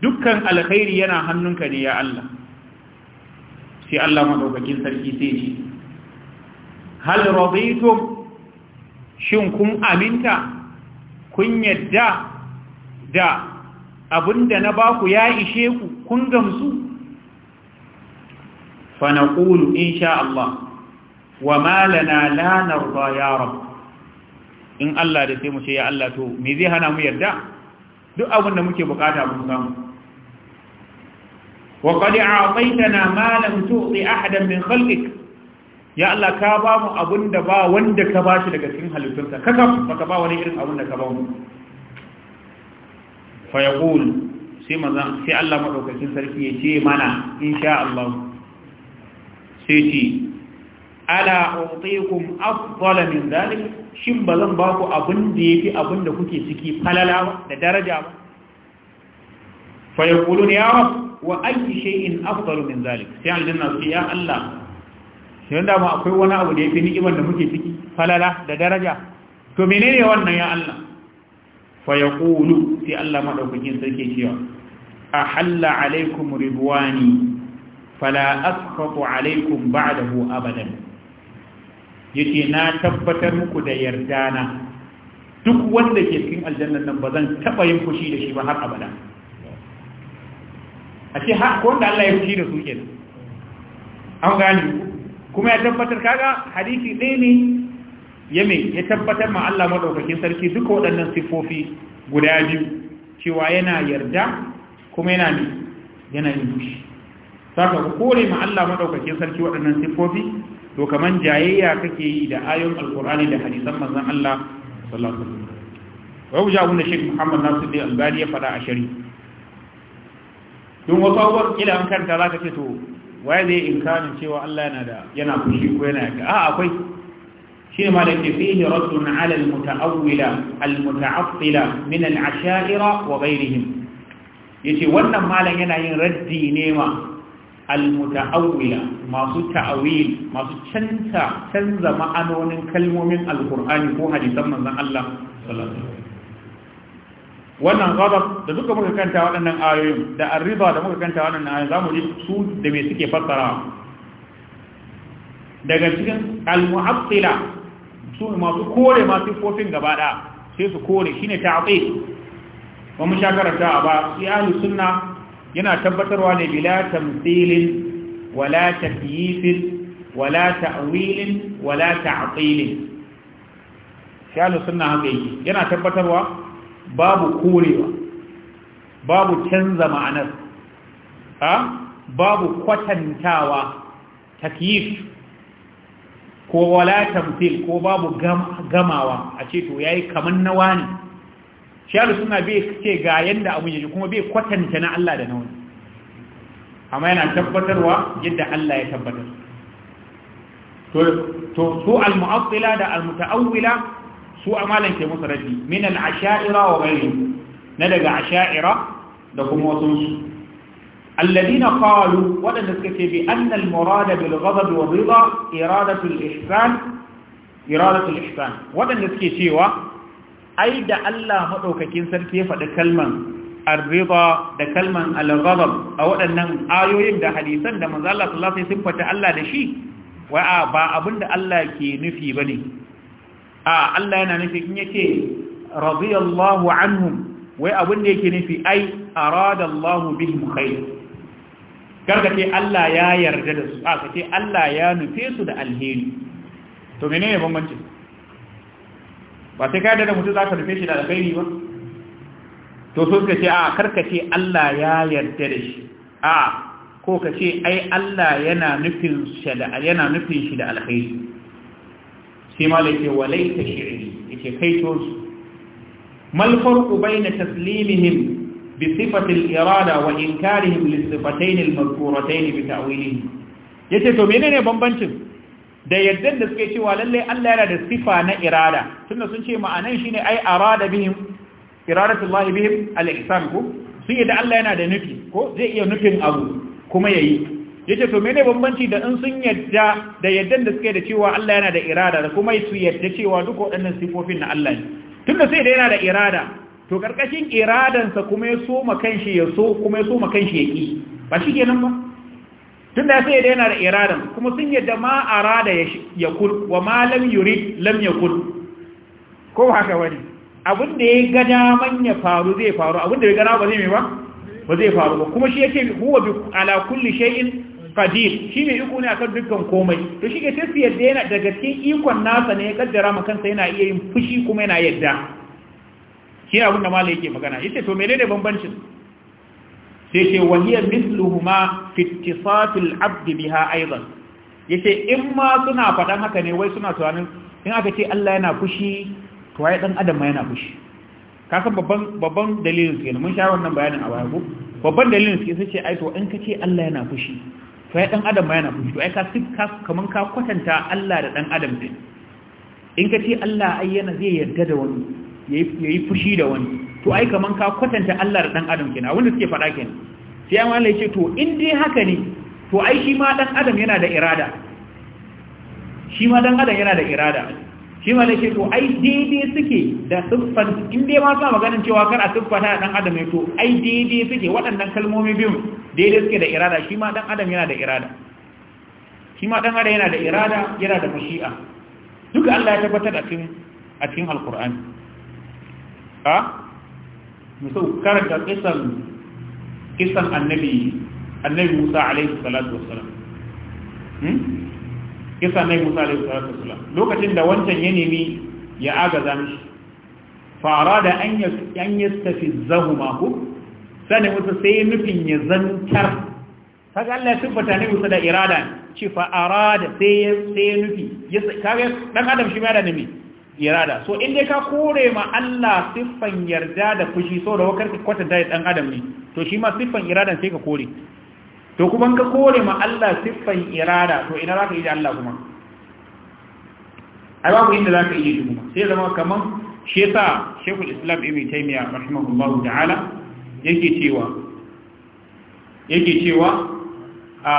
Speaker 1: dukkan alkhairi yana hannunka ne ya Allah sai Allah madaukakin sarki sai ce hal radaitum shin kun aminta kun yadda da abinda na baku ya ishe ku kun gamsu fa naqulu insha Allah wa ma lana la narda ya rab in Allah da sai mu ce ya Allah to me zai hana mu yarda duk abinda da muke bukata mun samu وقد عطيتنا ما لم تعطي احدا من خلقك يا الله ka ba mu abun da ba wanda ka ba daga cikin halittunka kaka baka ba wani irin abun da ka ba mu fa sai manzo sai Allah sarki ya ce mana insha Allah sai ce ala utikum afdal min dalik shin bazan ba ku abun da yafi abun da kuke ciki falala da daraja ba fa na ya rabb wa ayi shay'in afdalu min zalik sai aljanna su ya Allah sai da ma akwai wani abu da yafi ni'imar da muke ciki falala da daraja to menene wannan ya Allah fa yaqulu sai Allah madaukakin sarki cewa ahalla alaikum ridwani fala askhatu alaikum ba'dahu abadan yace na tabbatar muku da yardana duk wanda ke cikin aljannan nan ba zan taba yin fushi da shi ba har abada a ce ha ko wanda Allah ya fi da su da. an gane kuma ya tabbatar kaga hadisi ɗaya ne ya mai ya tabbatar ma Allah maɗaukakin sarki duka waɗannan siffofi guda biyu cewa yana yarda kuma yana ne yana yin dushi saka kore ma Allah maɗaukakin sarki waɗannan siffofi to kamar jayayya kake yi da ayon alkur'ani da hadisan manzan Allah sallallahu alaihi wasallam wa da Sheikh Muhammad Nasir Al-Albani ya faɗa a shari'a don wasu abubuwan kila an karanta za ka ce to waye zai inkarin cewa Allah yana da yana fushi ko yana yaka a akwai shi ne ma da ke fihi raddun alal al al-muta'attila min al-asha'ira wa Ya yace wannan malam yana yin raddi ne ma al-muta'awwila masu ta'awil masu canta canza ma'anonin kalmomin alqur'ani ko hadisan manzon Allah sallallahu alaihi wasallam wannan gadab da duka muka kanta waɗannan ayoyin da arriba da muka kanta waɗannan ayoyin zamu ji su da me suke fassara daga cikin al-mu'attila su masu kore masu kofin gaba ɗaya sai su kore shine ta'til wa mun shakarta ba sai ahlus sunna yana tabbatarwa ne bila tamthilin wala takyifin wala ta'wilin wala ta'tilin shi ahlus sunna haka yake yana tabbatarwa babu korewa babu canza ma'anar babu kwatantawa takyif ko wala tamthil ko babu gamawa a ce to yayi kaman na wani shalu suna bai ce ga yanda abu yake kuma bai kwatanta na Allah da na wani amma yana tabbatarwa yadda Allah ya tabbatar to to su al-mu'attila da al-muta'awwila su a ke musu rabi min al wa ghayri na daga asha'ira da kuma wasu alladina qalu waɗanda suka ce bi annal al-murada bil ghadab wa ridha iradatu al-ihsan suke cewa ai da Allah maɗaukakin sarki ya faɗi kalman ar da kalman al a waɗannan ayoyin da hadisan da manzo Allah sun fata Allah da shi wa ba abinda Allah ke nufi ba ne? a Allah yana nufi in yace radiyallahu anhum wai abin da yake nufi ai aradallahu bihim khair karka ce Allah ya yarda da su a kace Allah ya nufe su da alheri to menene bambanci ba sai ka da mutum za ka nufe shi da alheri ba to so kace a karka ce Allah ya yarda da shi a ko ka ce ai Allah yana nufin shi da alheri sai malai ke walai ta shi'ri ke kai to su mal farqu bayna taslimihim bi sifati irada wa inkarihim li sifatayn al-madhkuratayn bi Ya ce to ne bambancin da yadda da suke cewa lallai Allah yana da sifa na irada tunda sun ce ma'anan shine ai arada bihim iradatullahi bihim al-ihsan ko sun da Allah yana da nufi ko zai iya nufin abu kuma yayi yace to mene bambanci da in sun yadda da yadda da suke da cewa Allah yana da irada da kuma su yadda cewa duk waɗannan sifofin na Allah ne tunda sai da yana da irada to karkashin iradansa kuma ya so ma kanshi ya so kuma ya so ma kanshi ya ki ba shi kenan ba tunda sai da yana da irada kuma sun yadda ma arada ya kul wa ma lam yurid lam yakul ko haka wani abin da ya ga daman ya faru zai faru abin da ya ga ba zai mai ba ba zai faru ba kuma shi yake huwa bi ala kulli shay'in kadir shi ne iko ne kan dukkan komai to shi ke sai yadda yana daga cikin ikon nasa ne ya kaddara ma kansa yana iya yin fushi kuma yana yadda shi abin da malai yake magana yace to menene bambancin sai ce wahiya mithluhuma fi ittisatil abd biha aidan yace in ma suna fadan haka ne wai suna tunanin in aka ce Allah yana fushi to ai dan adam ma yana fushi kasan babban babban dalilin su mun sha wannan bayanin a baya babban dalilin su sai ce ai to in ka ce Allah yana fushi to ai dan adam ma yana fushi to ai ka kaman ka kwatanta Allah da dan adam din in ka ce Allah ai yana zai yarda da wani yayi fushi da wani to ai kaman ka kwatanta Allah da dan adam kenan wanda suke faɗa kenan sai amma Allah ya ce to in dai haka ne to ai shi ma dan adam yana da irada shi ma dan adam yana da irada shi ma nake to ai daidai suke da siffan in dai ma sa maganin cewa kar a siffata dan adam ne to ai daidai suke waɗannan kalmomi biyun daidai suke da irada shi ma dan adam yana da irada shi ma dan adam yana da irada yana da mashi'a duk Allah ya tabbatar a cikin a cikin alqur'ani ha musu karanta kisan kisan annabi annabi Musa alaihi salatu wassalam hmm kisa nai musa alaihi salatu wasallam lokacin da wancan ya nemi ya agaza mishi fara da an an yastafizahuma ku sai musa sai ya nufin ya zantar kaga Allah ya tabbata ne musa da irada ce fa arada sai ya sai nufi kaga dan adam shi ma da nemi irada so in dai ka kore ma Allah siffan yarda da fushi so da wakar kwatanta da dan adam ne to shi ma siffan iradan sai ka kore to kuma ka kore ma Allah siffan irada to ina za ka yi da Allah kuma ai babu inda za ka iya shi kuma sai zama kamar shi yasa shekul islam ibn taymiya rahimahullahu ta'ala yake cewa yake cewa a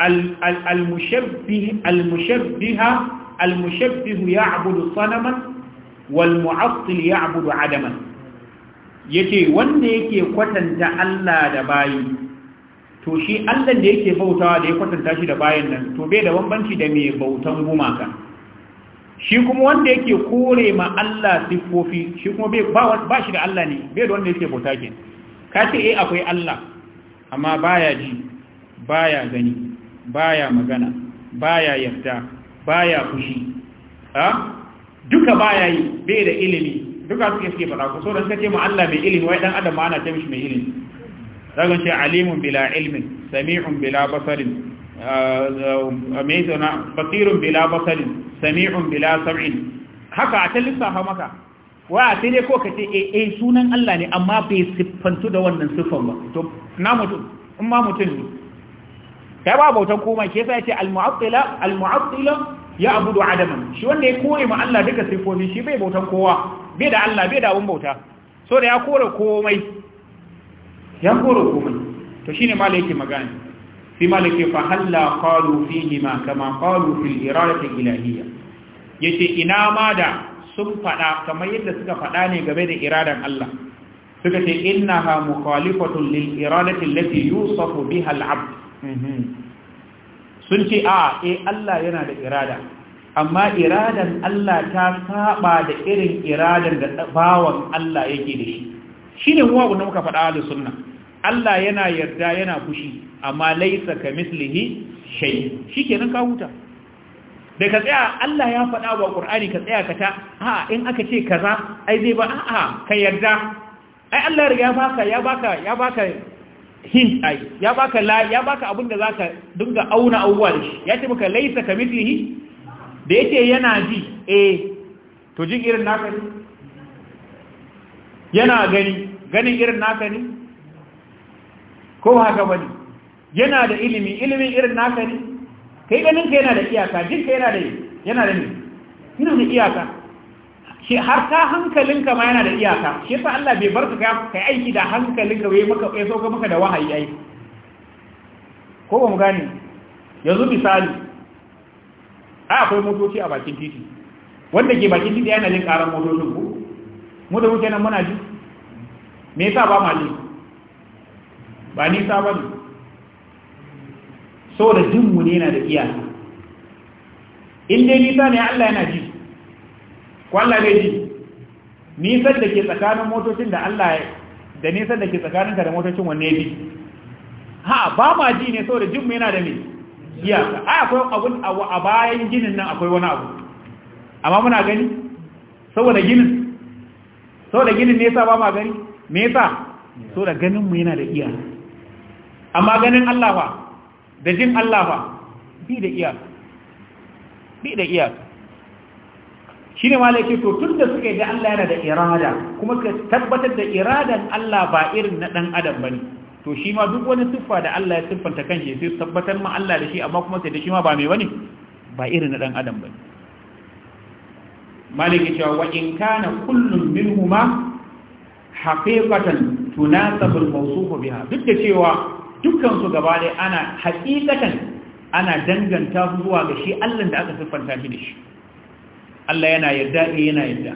Speaker 1: al-mushabbih al-mushabbiha al-mushabbih sanaman wal ya abudu adaman yake wanda yake kwatanta Allah da bayi to shi allan da yake bautawa da ya kwatanta shi da bayan nan to bai da bambanci da mai bautan gumaka shi kuma wanda yake kore ma Allah siffofi shi kuma bai ba shi da Allah ne bai da wanda yake bauta ke ka ce eh akwai Allah amma baya ji baya gani baya magana baya yarda baya fushi ha duka baya yi bai da ilimi duka suke suke fara ku so dan kace ma Allah mai ilimi wai dan adam ma ana ta mishi mai ilimi zagon ce alimun bila ilmin sami'un bila basarin mai zana basirun bila basarin sami'un bila sam'in haka a ta lissafa maka wa sai dai ko ka ce eh, eh sunan Allah ne amma bai siffantu da wannan siffan ba to na mutum in ma mutum ne kai ba bautan komai ke yasa yace al-mu'attila al-mu'attila ya'budu adaman shi wanda ya kore ma Allah duka sifofi shi bai bautan kowa bai da Allah bai da abun bauta so da ya kore komai ya kore komai to shine mala yake magani. fi malike fa halla qalu fihi ma kama qalu fil iradati ilahiyya yace ina ma da sun fada kamar yadda suka fada ne game da iradan Allah suka ce innaha mukhalifatun lil iradati allati yusafu biha al abd mhm. sun ce a eh Allah yana da irada amma iradan Allah ta saba da irin iradan da bawan Allah yake da shi shine mu abu da muka fada da sunna Allah yana yarda yana fushi amma laisa ka mislihi shay shikenan ka huta da ka tsaya Allah ya faɗa wa Qur'ani ka tsaya ka ta Aa in aka ce kaza ai zai ba a'a ka yarda ai Allah ya baka ya baka ya baka hint ai ya baka la ya baka abin da zaka dinga auna abubuwa da shi ya ce maka laisa ka mislihi da yake yana ji eh to jin irin naka ne yana gani ganin irin naka ne ko haka bane yana da ilimi ilimin irin naka ne kai ganin ka yana da iyaka jin ka yana da yana da ne yana da iyaka shi har ta hankalinka ma yana da iyaka shi yasa Allah bai bar ka kai aiki da hankalinka bai maka ya sauka maka da wahayi ai ko ba mu gane yanzu misali a akwai motoci a bakin titi wanda ke bakin titi yana jin karan motocin ku mu da muke nan muna ji me yasa ba ma ji ba nisa ba ne saboda jinmu ne yana da iyaka inda nisa ne Allah yana ji ko Allah ji nisan da ke tsakanin motocin da Allah da nisan da ke tsakaninka da motocin wanne bi ha ba ma ji ne saboda jinmu yana da ne iyaka a akwai abun a bayan ginin nan akwai wani abu amma muna gani saboda ginin saboda ginin ne yasa ba ma gani me yasa saboda ganin mu yana da iyaka amma ganin Allah ba da jin Allah ba bi da iya bi da iya shi ne malaki to tun da suka yi Allah yana da irada kuma ka tabbatar da iradan Allah ba irin na ɗan adam ba ne to shi ma duk wani siffa da Allah ya siffanta kan shi sai tabbatar ma Allah da shi amma kuma sai da shi ma ba mai wani ba irin na ɗan adam ba ne malaki cewa wa in kana kullum huma haqiqatan tunasabul mawsuf biha duk da cewa dukkan su gaba dai ana hakikatan ana danganta zuwa ga shi Allah da aka siffanta shi da shi Allah yana yarda eh yana yarda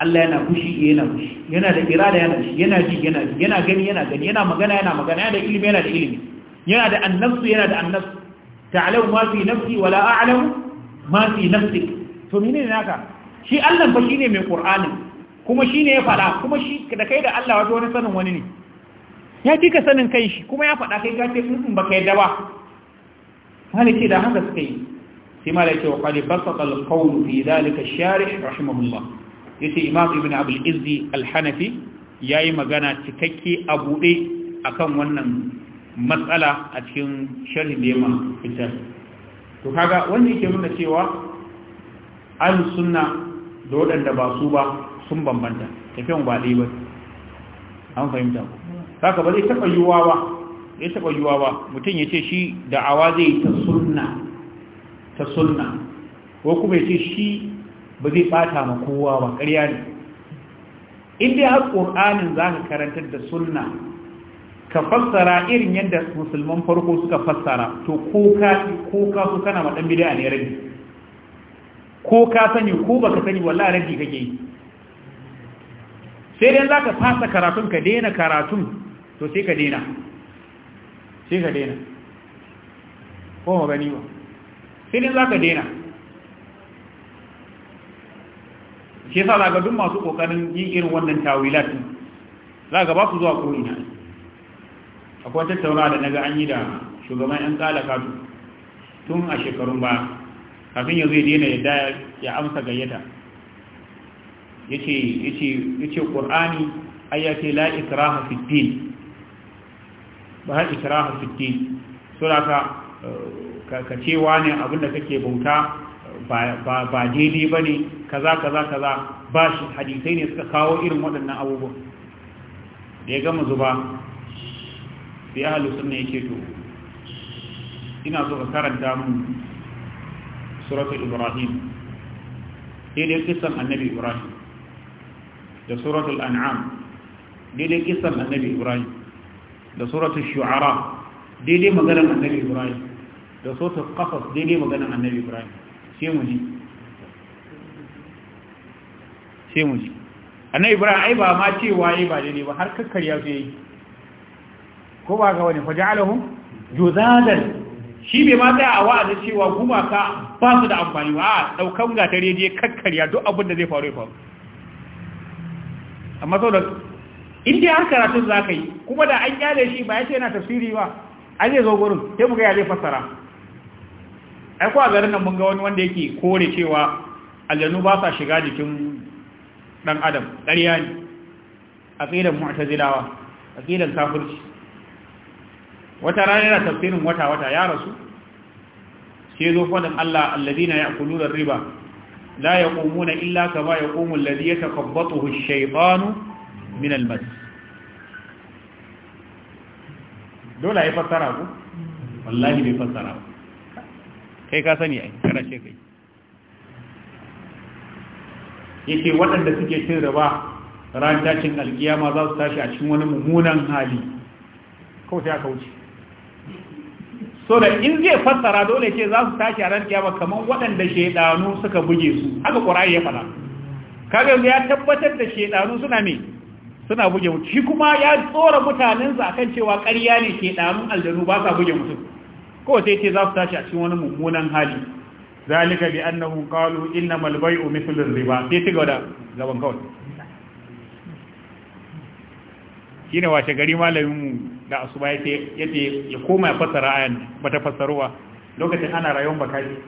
Speaker 1: Allah yana kushi eh yana kushi yana da irada yana shi yana ji yana ji yana gani yana gani yana magana yana magana yana da ilimi yana da ilimi yana da annafsu yana da annafsu ta'lamu ma fi nafsi wala a'lamu ma fi nafsik to menene naka shi allan fa shine mai Qur'ani kuma shine ya fada kuma shi da kai da Allah wato wani sanin wani ne ya fi ka sanin kai shi kuma ya faɗa kai kace in mm, mm, ba ka yadda ba ce da haka suka yi sai malaki wa qali basata al-qawl fi dhalika ash-sharih ya ce imam ibn abul izzi al-hanafi yi magana cikakke a buɗe a kan wannan matsala a cikin sharhi da yamma fitar to kaga wanda yake nuna cewa an sunna da waɗanda ba su ba sun bambanta tafiyan ba dai ba an fahimta ku saka ba zai taɓa yiwuwa ba zai taba yiwuwa ba mutum ya ce shi da'awa zai yi ta sunna ko kuma ya ce shi ba zai ɓata ma kowa ba ƙarya ne in dai har ƙur'anin za ka karantar da sunna ka fassara irin yadda musulman farko suka fassara to ko ka su kana ma ɗan ne ko ka sani ko ba baka sani wallahi rabi kake yi sai dai za ka fasa karatun ka daina karatun to sai ka daina sai ka daina ko ba gani ba sai za ka daina shi sa lagadun masu kokarin yin irin wannan tawilat za ga ba su zuwa ko'ina akwai tattauna da naga an yi da shugaban 'yan tsalaka tun a shekarun ba kafin ya zai daina yadda ya amsa gayyata ya ce ƙur'ani ayyake la'ikraha fi din ba har ikraha fiddi da ka ka ce wani abinda kake bauta ba daidai ba ne kaza kaza kaza ba shi hadisai ne suka kawo irin waɗannan abubuwa. da ya gama zuba sai ahalu sunna yake to ina so ka karanta mun suratul ibrahim daidai kisan annabi ibrahim da suratul an'am daidai kisan annabi ibrahim da suratul shu'ara daidai maganar annabi ibrahim da suratul qasas daidai maganar annabi ibrahim sai mu ji sai mu ji annabi ibrahim ai ba ma ce waye ba daidai ba har kakkar ya yi ko ba ga wani faja'alahum juzadan shi bai ma tsaya a wa'azin cewa gumaka ba su da amfani ba a daukan gatare je kakkarya duk abin da zai faru ya faru amma sau da in dai har karatun za ka yi kuma da an kyale shi ba ya ce yana tafsiri ba an zai zo gurin sai mu ga ya zai fassara ai ko a garin nan mun ga wani wanda yake kore cewa aljanu ba sa shiga jikin dan adam ƙarya ne a aqidan mu'tazilawa aqidan kafirci wata rana yana tafsirin wata wata ya rasu sai zo fadin Allah alladina ya'kuluna riba la ya illa kama yaqumu ya yatakhabbathu ash-shaytanu min almas dole ya fassara ku wallahi bai fassara ku kai ka sani ai kana ce kai yake waɗanda suke cin riba ran tashin alkiyama za su tashi a cikin wani mummunan hali kawai sai aka wuce so da in zai fassara dole ce za su tashi a ran kiyama kamar waɗanda shaidanu suka buge su haka ƙura'i ya faɗa kaga ya tabbatar da shaidanu suna mai. suna buge mutum shi kuma ya tsora mutanensa akan cewa ƙarya ne ke ɗamin aljanu ba sa buge mutum ko sai ce za su tashi a cikin wani mummunan hali zalika bi annahu qalu mal bay'u mithlu riba sai ci gaba gaban kawai shine washe gari malamin mu da asuba yake yace ya koma ya fassara ayan bata fassaruwa lokacin ana rayuwar bakari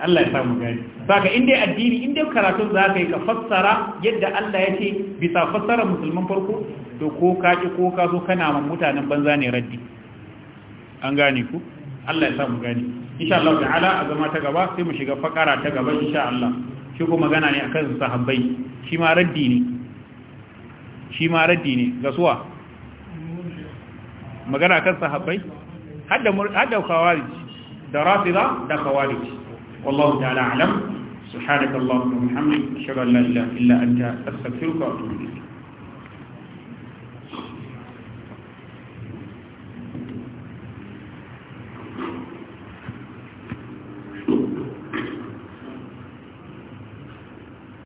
Speaker 1: Allah ya samu gani saka in addini inda karatun za ka yi ka fassara yadda Allah ya ce bisa fassara musulman farko to ko ka ki ko ka zo kana ma mutanen banza ne raddi an gane ku Allah ya samu gani insha Allah ta'ala a zama ta gaba sai mu shiga fakara ta gaba insha Allah shi ko magana ne akan sahabbai shi ma raddi ne shi ma raddi ne ga suwa magana akan sahabbai hadda hadda khawarij da rafida da kawali. والله تعالى أعلم سبحانك اللهم وبحمدك أشهد أن لا إله إلا أنت أستغفرك وأتوب إليك